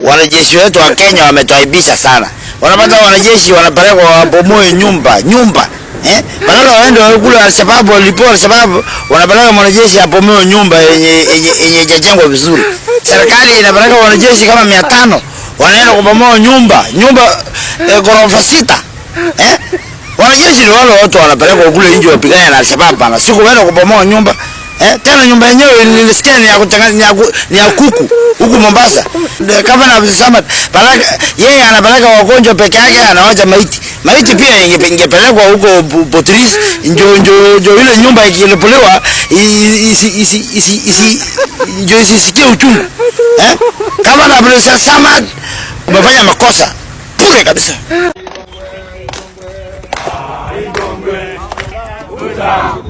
Wanajeshi wetu wa Kenya wametuaibisha sana. Wanapata wanajeshi wanapelekwa wabomoe nyumba nyumba, eh, badala waende kule Alshababu walipo Alshababu, wanapeleka wanajeshi abomoe nyumba yenye yenye hajajengwa vizuri. Serikali inapeleka wanajeshi kama mia tano wanaenda kubomoa nyumba nyumba eh, ghorofa sita eh. Wanajeshi ni wale watu wanapelekwa kule nje wapigane na Alshababu na siku waenda kubomoa nyumba Eh, tena nyumba yenyewe nilisikia ni ya kutangaza ni ya kuku huku Mombasa. Eh, Gavana Abdul Samad baraka yeye anapeleka wagonjwa peke yake, anawacha maiti. Maiti pia ingepelekwa huko Botris, njo njo njo ile nyumba ikilepolewa isi isi isi isi ndio isisikie uchungu. Eh? Gavana Abdul Samad umefanya makosa. Pure kabisa. Igongwe. Igongwe.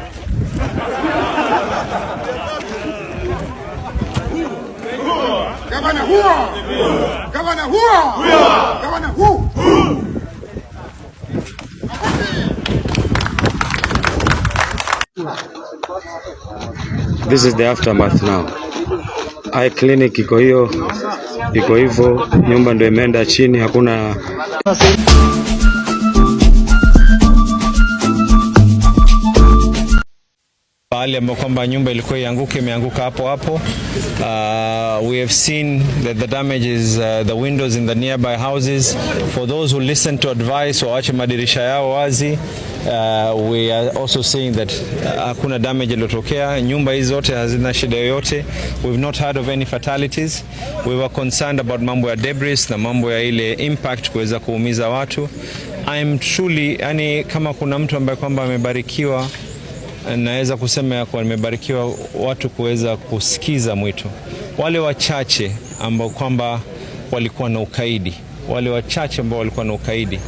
Gavana huo, gavana huo, gavana huu This is the aftermath now. Eye clinic iko hiyo, iko hivyo, nyumba ndio imeenda chini, hakuna hali ambayo kwamba nyumba ilikuwa ianguke imeanguka hapo hapo. Uh, we have seen that the damage is uh, the windows in the nearby houses. For those who listen to advice, waache madirisha yao wazi. Uh, we are also seeing that uh, hakuna damage iliyotokea. Nyumba hizi zote hazina shida yoyote. We've not heard of any fatalities. We were concerned about mambo ya debris na mambo ya ile impact kuweza kuumiza watu. I'm truly yani, kama kuna mtu ambaye kwamba amebarikiwa naweza kusema ya kuwa nimebarikiwa watu kuweza kusikiza mwito. Wale wachache ambao kwamba walikuwa na ukaidi, wale wachache ambao walikuwa na ukaidi,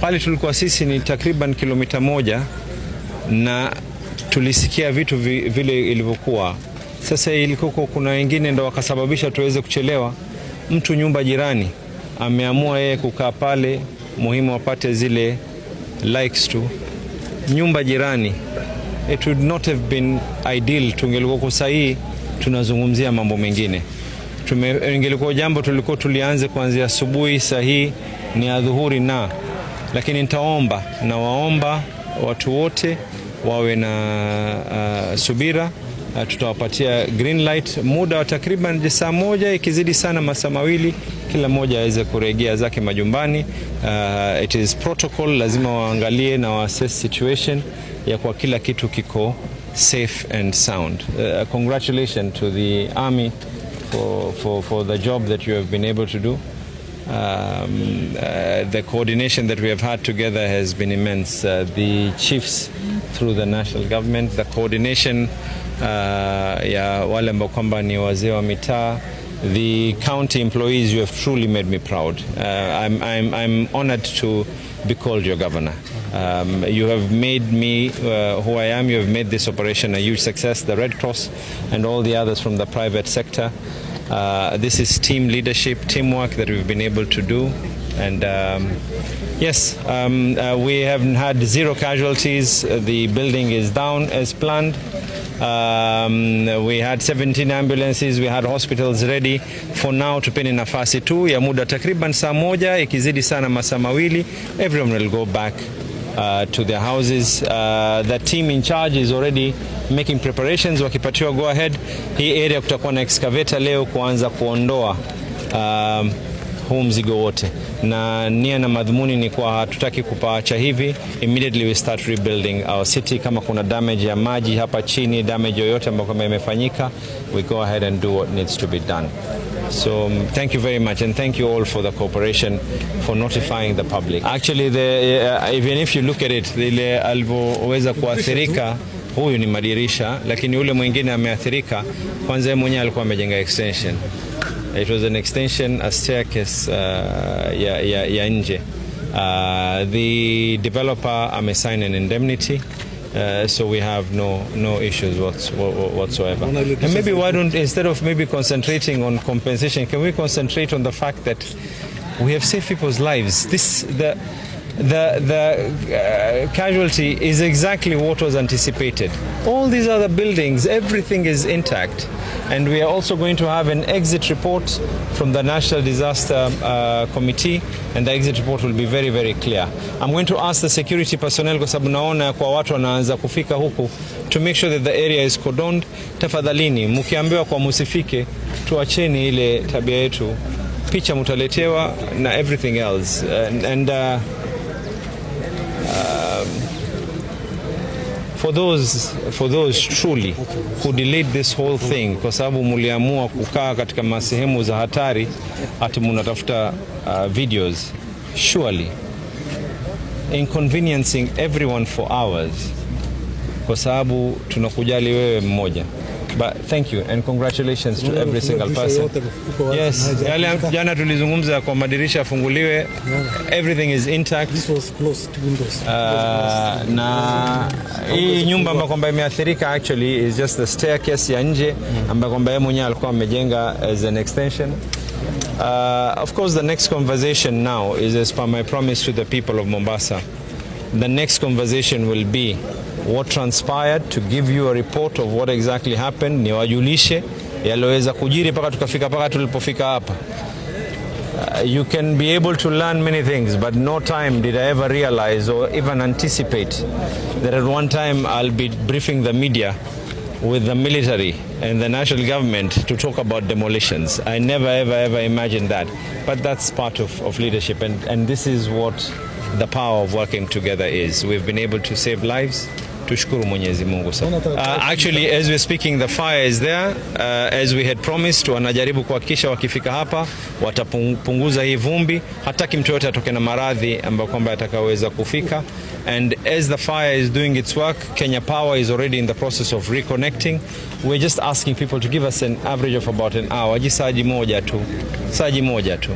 pale tulikuwa sisi ni takriban kilomita moja na tulisikia vitu vile ilivyokuwa. Sasa ilikuwa kuna wengine ndo wakasababisha tuweze kuchelewa. Mtu nyumba jirani ameamua yeye kukaa pale, muhimu apate zile likes tu, nyumba jirani it would not have been ideal tungelikuwa kwa sahihi tunazungumzia mambo mengine. Ingelikuwa jambo tulikuwa tulianze kuanzia asubuhi sahihi ni adhuhuri na, lakini nitaomba na waomba watu wote wawe na uh, subira tutawapatia green light muda wa takriban saa moja, ikizidi sana masaa mawili, kila mmoja aweze kuregea zake majumbani. Uh, it is protocol, lazima waangalie na waassess situation ya kwa kila kitu kiko safe and sound. Uh, congratulation to the army for, for, for the job that you have been able to do. Um, uh, the coordination that we have had together has been immense. Uh, the chiefs through the national government, the coordination uh, ya wale ambao kwamba ni wazee wa mitaa the county employees you have truly made me proud uh, I'm, I'm, I'm honored to be called your governor um, you have made me uh, who I am you have made this operation a huge success the Red Cross and all the others from the private sector uh, this is team leadership teamwork that we've been able to do and um, yes um, uh, we have had zero casualties the building is down as planned um, we had 17 ambulances, we had hospitals ready for now. Tupeni nafasi tu ya muda takriban saa moja, ikizidi sana masaa mawili, everyone will go back Uh, to their houses. Uh, the team in charge is already making preparations. Wakipatiwa go ahead, hii area kutakuwa na excavator leo kuanza kuondoa um, huu mzigo wote, na nia na madhumuni ni kwa hatutaki kupaacha hivi. Immediately we start rebuilding our city. Kama kuna damage ya maji hapa chini, damage yoyote ambayo kama imefanyika, we go ahead and do what needs to be done. So um, thank you very much and thank you all for the cooperation for notifying the public. Actually the, uh, even if you look at it ile alivyoweza kuathirika huyu ni madirisha, lakini ule mwingine ameathirika, kwanza yeye mwenyewe alikuwa amejenga extension It was an extension, a staircase uh, ya, ya, ya nje. Uh, the developer amesign an indemnity Uh, so we have no no issues whatsoever. And maybe why don't instead of maybe concentrating on compensation, can we concentrate on the fact that we have saved people's lives? This the the, the uh, casualty is exactly what was anticipated. All these other buildings, everything is intact. And we are also going to have an exit report from the National Disaster uh, Committee, and the exit report will be very, very clear. I'm going to ask the security personnel, kwa sababu naona kwa watu wanaanza kufika huku, to make sure that the area is cordoned. Tafadhalini, mkiambiwa kwa musifike, tuacheni ile tabia yetu. Picha mutaletewa na everything else and, and uh, Um, for those, for those truly who delayed this whole thing, kwa sababu muliamua kukaa katika masehemu za hatari ati munatafuta uh, videos surely inconveniencing everyone for hours, kwa sababu tunakujali wewe mmoja. But thank you and congratulations to every single person. Yes, yale jana tulizungumza kwa madirisha afunguliwe. Everything is intact. This was closed windows. Uh, na hii nyumba ambayo kwamba imeathirika actually is just the staircase ya nje mm. ambayo kwamba yeye mwenyewe alikuwa amejenga as an extension. Uh, of course the next conversation now is as per my promise to the people of Mombasa. the next conversation will be what transpired to give you a report of what exactly happened, ni wajulishe yaliyoweza kujiri paka tukafika paka tulipofika hapa. Uh, you can be able to learn many things, but no time did I ever realize or even anticipate that at one time I'll be briefing the media with the military and the national government to talk about demolitions. I never, ever, ever imagined that. But that's part of, of leadership, and, and this is what the power of working together is. We've been able to save lives. Tushukuru Mwenyezi Mungu sana. Uh, actually as we're speaking the fire is there uh, as we had promised, wanajaribu kuhakikisha wakifika hapa watapunguza hii vumbi, hataki mtu yote atoke na maradhi ambayo kwamba atakaweza kufika and as the fire is doing its work Kenya Power is already in the process of reconnecting. We're just asking people to give us an average of about an hour, jisaji moja tu, saji moja tu.